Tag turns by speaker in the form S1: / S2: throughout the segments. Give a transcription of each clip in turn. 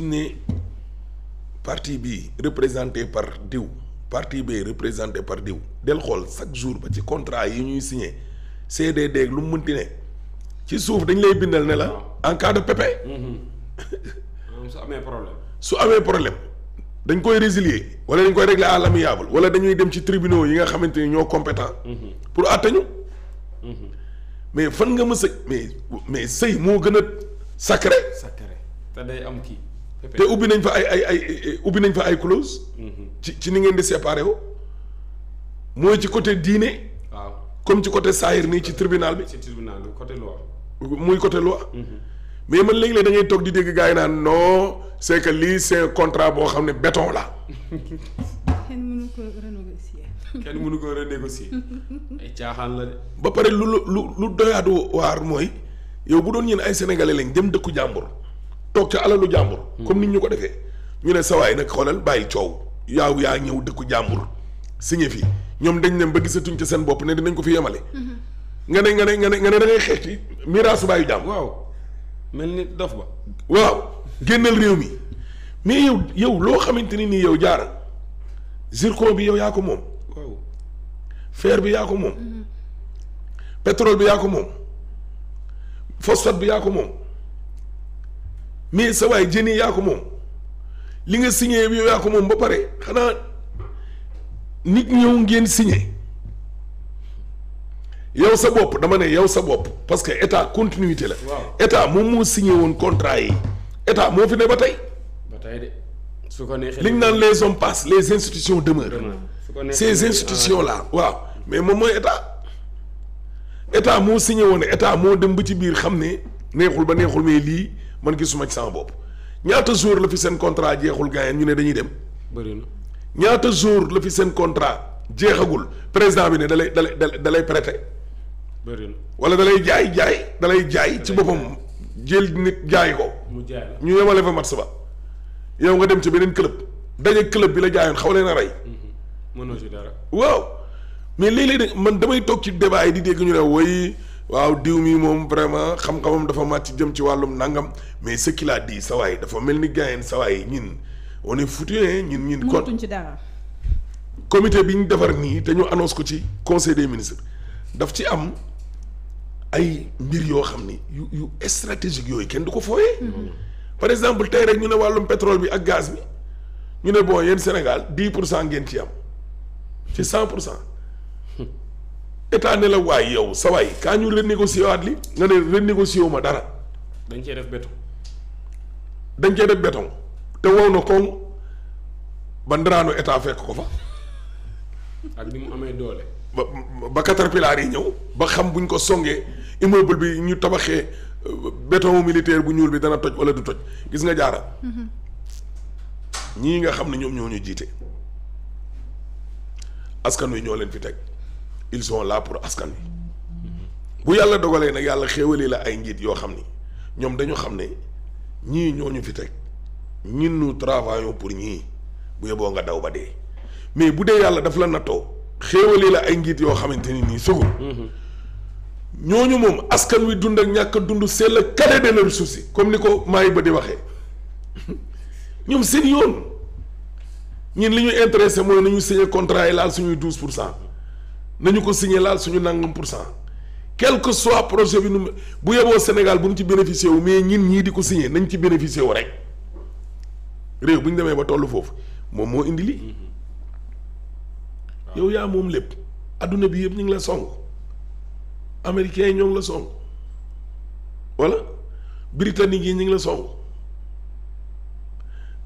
S1: suñ ne parti bi représenté par diw parti B représenté par diw del xool chaque jour ba ci contrat yi ñuy signé CDD lu mu ti ne ci suuf dañ lay bindal ne la en cas de pépin. Mm-hmm. su amee problème. su amee problème dañ koy résilier wala dañ koy régler à l'amiable wala dañuy dem ci tribunaux yi nga xamante ni ñoo compétent mm-hmm. pour àtte ñu. Mm-hmm. mais fan nga mës a mais sëy moo gën a sacré. sacré day am kii. te ubbi nañ fa ay ay ay ubbi nañ fa ay clause. Mhm. ci ci ni ngeen di séparé wu. mooy ci côté diine. waaw comme ci côté saayir nii ci tribunal bi. ci tribunal bi côté loi. muy côté loi. Mhm. mais man léegi-léeg da ngay toog di dégg gars yi naan non c'est que lii c'est contrat boo xam ne beton la.
S2: kenn mënu ko renégocier.
S1: caaxaan ba pare lu lu lu doyaat waar mooy yow bu doon ñeen ay sénégalais lañ dem dëkku jàmbur. toog ca alalu jàmbur. comme nit ñu ko defee ñu ne sawaay nag xoolal bàyyi coow yaaw yaa ñëw dëkku jàmbur signé fii ñoom dañ dem ba gisatuñ ci seen bopp ne dinañ ko fi yemale. Mm-hmm. nga ne nga ne nga ne nga ne da ngay xeex ci miraasu bàyyi jàmbur. waaw mel ni dof ba. waaw génnal réew mi mais yow yow loo xamante ni nii yow jaara zircon bi yow yaa ko moom. waaw fer bi yaa ko moom. Mm-hmm. pétrole bi yaa ko moom phosphate bi yaa ko moom. mais sa waay jën yi yaa ko moom li nga signé yow yaa ko moom ba pare xanaa nit ñëw ngeen signé yow sa bopp dama ne yow sa bopp parce que état continuité la. état moom moo signé woon contrat yi état moo fi ne ba tey. ba tey de su ko neexee li ñu naan les hommes passent les institutions demeurent. ces institutions là ah waaw mais moom mooy état état moo signé woon état moo dem ba ci biir xam ne neexul ba neexul mais lii. man gisuma ci sama bopp ñaata jour la fi seen contrat jeexul gars ñu ne dañuy dem. bëri na ñaata jour la fi seen contrat jeexagul président bi ne da lay da lay da lay prêter. bëri wala da lay jaay jaay dalay jaay ci boppam jël nit jaay ko. mu jaay la ñu yemale fa match ba yow nga dem ci beneen club daje club bi la jaayoon xaw leen a rey. Mm-hmm. mënoo ci waaw mais léeg-léeg man damay toog ci débat yi di dégg ñu ne woy. waaw diw mi moom vraiment xam-xamam dafa mat ci jëm ci wàllum nangam mais ce qu'il di dit sawaay dafa mel ni gaayeen sawaay ñin on est foutu ñin ñin kon mënatuñ ci dara comité bi ñu defar nii te ñu annonce ko ci conseil des ministres daf ci am ay mbir yoo xam ni yu yu stratégique yooyu kenn du ko fooyee mm-hmm. par exemple tey rek ñu ne wàllum pétrole bi ak gaz bi ñu ne bon yéen Sénégal dix pour cent ngeen ci am ci cent pour cent état ne la waay yow sa waay kaa ñu renégocier waat li nga ne renégocier wu ma dara. dañ cee def béton. dañ cee def béton te wow na koŋ ba ndaraanu état fekk ko fa. ak ni mu amee doole. ba ba caterpillar yi ñëw ba xam buñ ko songee immeuble bi ñu tabaxee euh, beto militaire bu ñuul bi dana toj wala du toj gis nga jaara mhm. ñii nga xam ne ñoom ñoo ñu jiite askan wi ñoo leen fi teg. il sont là pour askan wi bu yàlla dogalee nag yàlla xéewali la ay njiit yoo xam ni ñoom dañu xam ne ñii ñoo ñu fi teg ñun nous travaillons pour ñii bu yeboo nga daw ba dee mais bu dee yàlla daf la nattoo xéewali la ay njiit yoo xamante ni nii sugu ñooñu moom askan wi dund ak ñàkk dund c'est le cadet de leur si comme ni ko maay ba di waxee ñoom seen yoon ñun li ñu intéressé mooy nañu signé contrat yi laal suñuy douze pour cent nañu ko signé laal suñu nangam pour cent quelque que soit projet bi nu bu yeboo Sénégal bu ñu ci bénéficié wu mais ñin ñii di ko signé nañ ci bénéficié wu rek réew bu ñu demee ba tollu foofu moom moo indi lii mm-hmm. yow yaa moom lépp àdduna bi yëpp ñu ngi la song américains yi ñoo ngi la song wala britanniques yi ñu ngi la song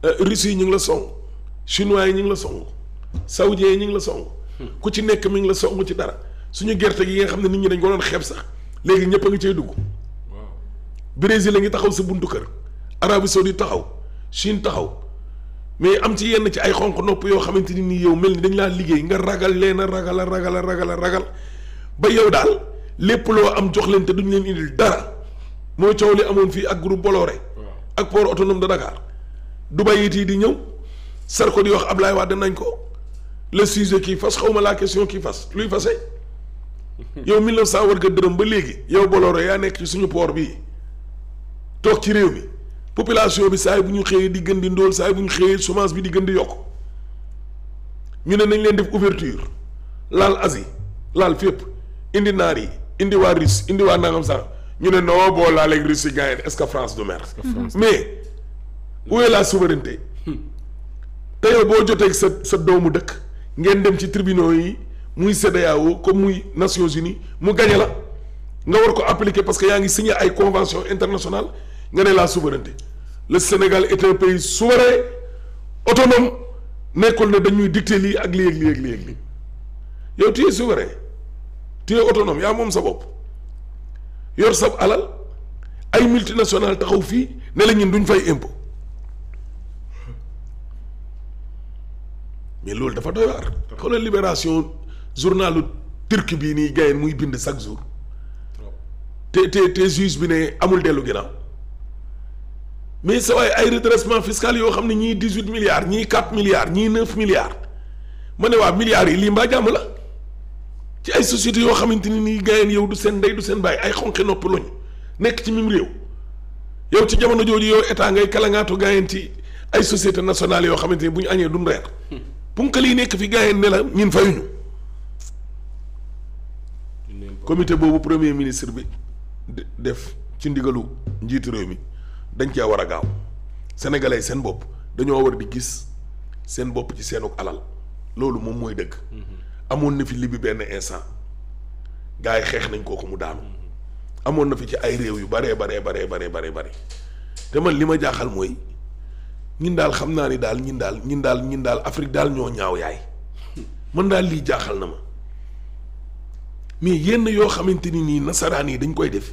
S1: euh, russes yi ñu ngi la song chinois yi ñu ngi la song saoudiens yi ñu ngi la song ku ci nekk mi ngi la songu ci dara suñu gerte gi nga xam ne nit ñi dañ ko doon xeeb sax léegi ñëpp a ngi cay dugg. waaw Brésil a ngi taxaw sa buntu kër. Arabie Saoudite taxaw Chine taxaw mais am ci yenn ci ay xonq nopp yoo xamante ni nii yow mel ni dañ laa liggéey nga ragal leen ragal a ragal ragal a ragal ba yow daal lépp loo am jox leen te duñ leen indil dara mooy coow li amoon fii ak groupe Bolloré. ak port autonome de Dakar Dubaï it yi di ñëw Sarko di wax Ablaye Wade nañ ko. le sujet kii fas xaw ma la question kii fas luy fase yow 1900 war nga dërëm ba léegi yow Bolloré yaa nekk ci suñu port bi toog ci réew mi population bi saa bu ñu xëyee di gën di ndóol saa yi bu ñu xëyee semence bi di gën di yokk ñu ne nañ leen def ouverture laal Asie laal fépp indi naar yi indi waa Russie indi waa nangam sax ñu ne noo boo laaleeg Russie gaañ est-ce que France du mer. mais où est la hmm. te yow boo jotee sa sa doomu dëkk. ngeen dem ci tribunaux yi muy CEDEAO comme muy Nations uni mu gañe la nga war ko appliquer parce que yaa ngi signé ay convention internationale nga ne la souveraineté le Sénégal est un pays souverain autonome nekkul ne dañuy dicter lii ak lii ak lii yëg lii ak lii yow tu es souverain tu es yaa moom sa bopp yor sab alal ay multinationales taxaw fii ne la ñun duñ fay impôt mais loolu dafa doy waar. xoolal libération journalu turc bii nii gayen muy bind chaque jour. te te te juge bi ne amul dellu ginnaaw mais sa waay ay redressement fiscal yoo xam ne ñii dix huit milliards ñii quatre milliards ñii neuf milliards ma ne waa milliards yi lii mbaa jàmm la ci ay sociétés yoo xamante ni nii gayen yow du seen ndey du seen bàyyi ay xonqi nopp lañu nekk ci mim réew yow ci jamono jooju yow état ngay kalangaatu gayen ci ay sociétés nationales yoo xamante ni bu ñu añee duñ reer punkal yi nekk fi gars nelaw ne la ñun fayuñu comité boobu premier ministre bi def ci ndigalu njiitu réew mi dañ cee war a gaaw sénégalais seen bopp dañoo war di gis seen bopp ci seenuk alal loolu moom mooy dëgg. Mm-hmm. amoon na fi libi benn instant gars yi xeex nañ ko mu daanu. Mm-hmm. amoon na fi ci ay réew yu baree baree baree baree baree bare te man li ma jaaxal mooy. ñun daal xam naa ni daal ñun daal ñun daal ñun daal Afrique daal ñoo ñaaw yaay man daal lii jaaxal na ma mais yenn yoo xamante ni nii nasaraan yi dañ koy def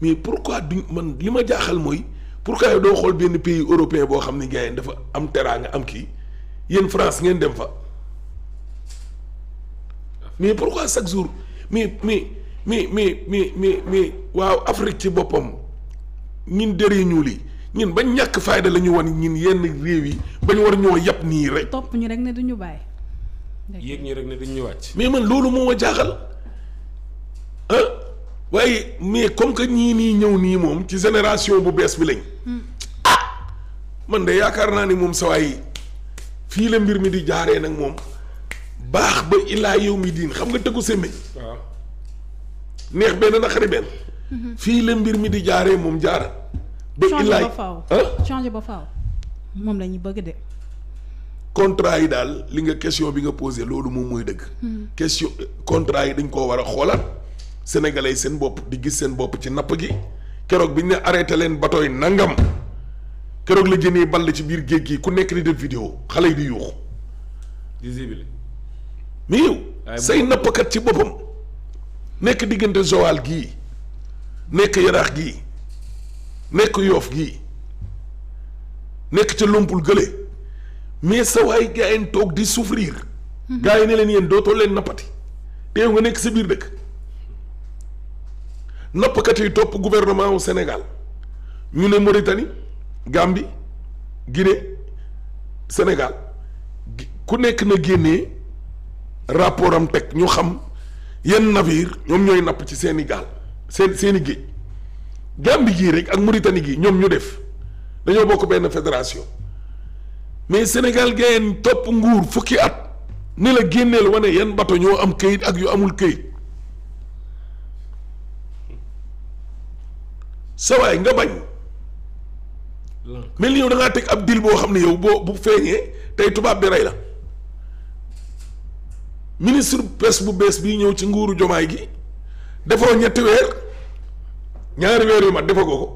S1: mais pourquoi duñ man li ma jaaxal mooy pourquoi yow doo xool benn pays européen boo xam ne gars yi dafa am nga am kii yéen France ngeen dem fa mais pourquoi chaque jour mais mais mais mais mais mais mais waaw Afrique ci boppam ñun dëree ñuul yi ñun bañ ñàkk fayda la ñu wan ñun yenn réew yi bañ war ñoo yàpp nii rek. topp ñu rek ne duñu bàyyi. yéeg ñu rek ne duñu wàcc. mais man loolu moom ma jaaxal waaye mais comme que ñii nii ñëw nii moom ci génération bu bees bi lañ. Hmm. ah man de yaakaar naa ne moom sa waay fii la mbir mi di jaaree nag moom baax ba illaa yow mi diin xam nga tëggu semmiñ. waaw neex benn naqari benn. Hmm. fii la mbir mi di jaaree moom jaara
S2: de illaay changer ba faaw moom la ñu bëgg de.
S1: contrat yi daal li nga question bi nga posé loolu moom mooy dëgg. Hmm. question contrat yi dañ koo war a xoolaat sénégalais seen bopp di gis seen bopp ci napp gi keroog bi ñu ne arrêté leen bateau nangam keroog la génnee ball ci biir géej gi ku nekk di def vidéo xale yi di yuuxu. visible. mais yow say ci boppam nekk diggante Joal gii nekk Yaraax gii. nekk yoof gi nekk ca lompul gële mais sa waay gaa yi toog di souffrir. Mhm. gaa yi ne leen yéen dootoo leen nappati teew nga nekk ci biir dëkk nappkat yi topp gouvernement wu Sénégal ñu ne Mauritanie Gambie Guinée Sénégal ku nekk na génnee rapport am teg ñu xam yenn navire ñoom ñooy napp ci seeni gaal seen seeni géej Gambie gii rek ak Mauritanie gii ñoom ñu def dañoo bokk benn fédération mais Sénégal gayeen topp nguur fukki at ni la génneel wane yan bato ñoo am këyit ak yu amul këyit sa waay nga bañ mel ni yow teg ab dil boo xam ne yow boo bu feeñee tey tubaab bi rey la ministre pes bu bees bii ñëw ci nguuru jomaay gi defoo ñetti weer ñaari weer yu ma defagoo ko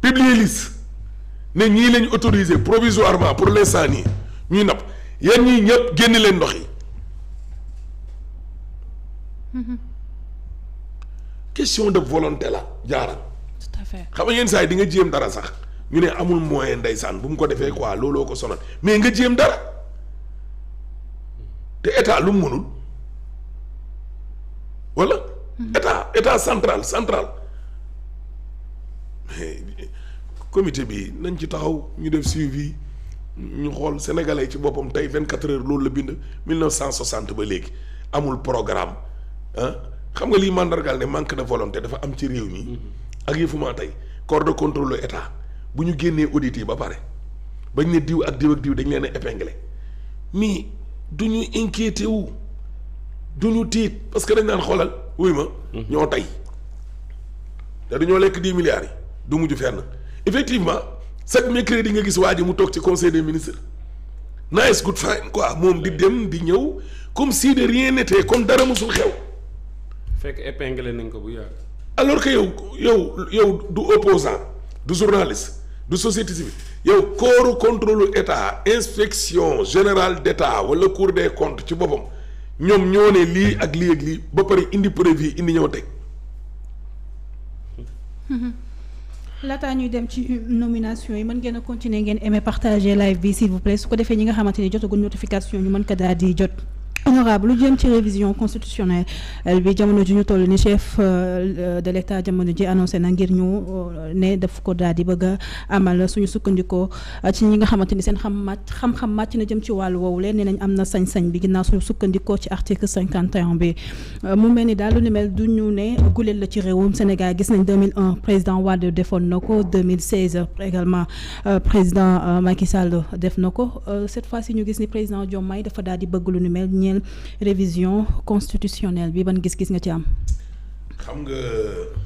S1: publier liste ne ñii lañ autorisé provisoirement pour l'instant nii ñuy napp yéen ñii ñëpp génn leen ndox yi question de volonté la jaaral. tout à fait xam yenn saa yi nga jéem dara sax ñu ne amul moyen ndeysaan bu mu ko defee quoi looloo ko sonal mais nga jéem dara te état lu mu mënul wala. Mm-hmm. état état central central. comité bi nañ ci taxaw ñu def suivi ñu xool sénégalais ci boppam tey vingt quatre heures loolu la bind mille neuf cent soixante ba léegi amul programme ah xam nga liy mandargaal ne manque de volonte dafa am ci réew mi. Mm-hmm. ak yëfumaa tey corps de contrôle état bu ñu génnee audit ba pare bañ ne diw ak diw ak diw dañ leen a épinglé mais du ñu inquiété du ñu tiit parce que dañ daan xoolal wuy ma. Mm-hmm. ñoo tey te dañoo lekk dix milliards yi du mujj fenn. effectivement chaque mercredi nga gis waa ji mu toog ci conseil des ministres nice good fine quoi moom di dem di ñëw comme si de rien n'était comme dara musul xew. fekk épinglé nañ ko bu yàgg. alors que yow yow yow du opposant du journaliste du société civile yow corps contrôle état inspection général d' état wala cour des comptes ci boppam ñoom ñoo ne lii ak lii ak lii ba pare indi prévu indi ñëw teg.
S2: Mhm. laataa ñuy dem ci nomination yi mën ngeen a continuer ngeen aimer partager live bi s'il su ko defee ñi nga xamante ni jotagul notification ñu mën ko daal di jot. honorable lu jëm ci révision constitutionnelle euh, bi jamono ji ñu toll ni chef euh, euh, de l'état jamono ji annoncé na ngir ñu ne daf ko daal di bëgg a amal suñu sukkandikoo ci ñi nga xamante ni seen xam màcc xam-xam màcc na jëm ci wàllu woowu leen nee nañ am na sañ-sañ bi ginnaaw suñu sukkandikoo ci article 51 bi mu mel ni daal lu ni mel du ñu ne guleel la ci réewum Sénégal gis nañ 2001 président Wade defoon na ko 2016 également président Macky Sall def na ko cette fois ci ñu gis ni président Diomaye daal di révision constitutionnelle bi ban gis-gis nga ci am. xam nga